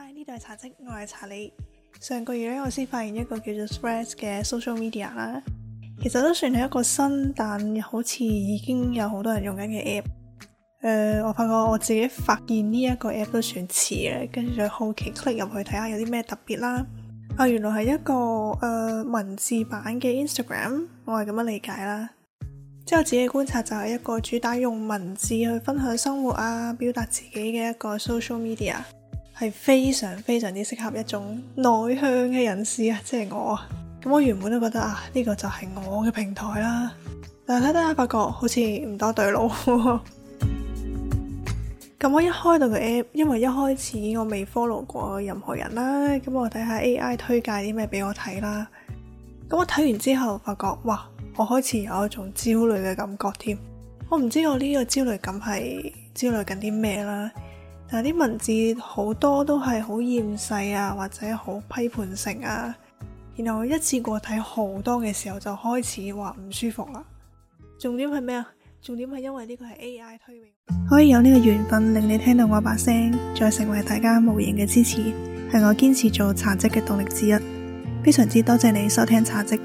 Hi，呢度係茶嘖，我係查理。上個月咧，我先發現一個叫做 Threads 嘅 social media 啦。其實都算係一個新，但好似已經有好多人用緊嘅 app。誒、呃，我發覺我自己發現呢一個 app 都算遲嘅，跟住就好奇 click 入去睇下有啲咩特別啦。啊，原來係一個誒、呃、文字版嘅 Instagram，我係咁樣理解啦。即我自己觀察就係一個主打用文字去分享生活啊，表達自己嘅一個 social media。係非常非常之適合一種內向嘅人士啊，即係我啊。咁我原本都覺得啊，呢個就係我嘅平台啦。但係睇睇下，發覺好似唔多對路。咁 我一開到個 app，因為一開始我未 follow 過任何人啦。咁我睇下 AI 推介啲咩俾我睇啦。咁我睇完之後，發覺哇，我開始有一種焦慮嘅感覺添。我唔知我呢個焦慮感係焦慮緊啲咩啦。但啲文字好多都係好厭世啊，或者好批判性啊，然後一次過睇好多嘅時候就開始話唔舒服啦。重點係咩啊？重點係因為呢個係 A I 推文，可以有呢個緣分令你聽到我把聲，再成為大家無形嘅支持，係我堅持做茶嘖嘅動力之一。非常之多謝你收聽茶嘖。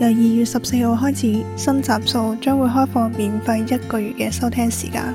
由二月十四號開始，新集數將會開放免費一個月嘅收聽時間。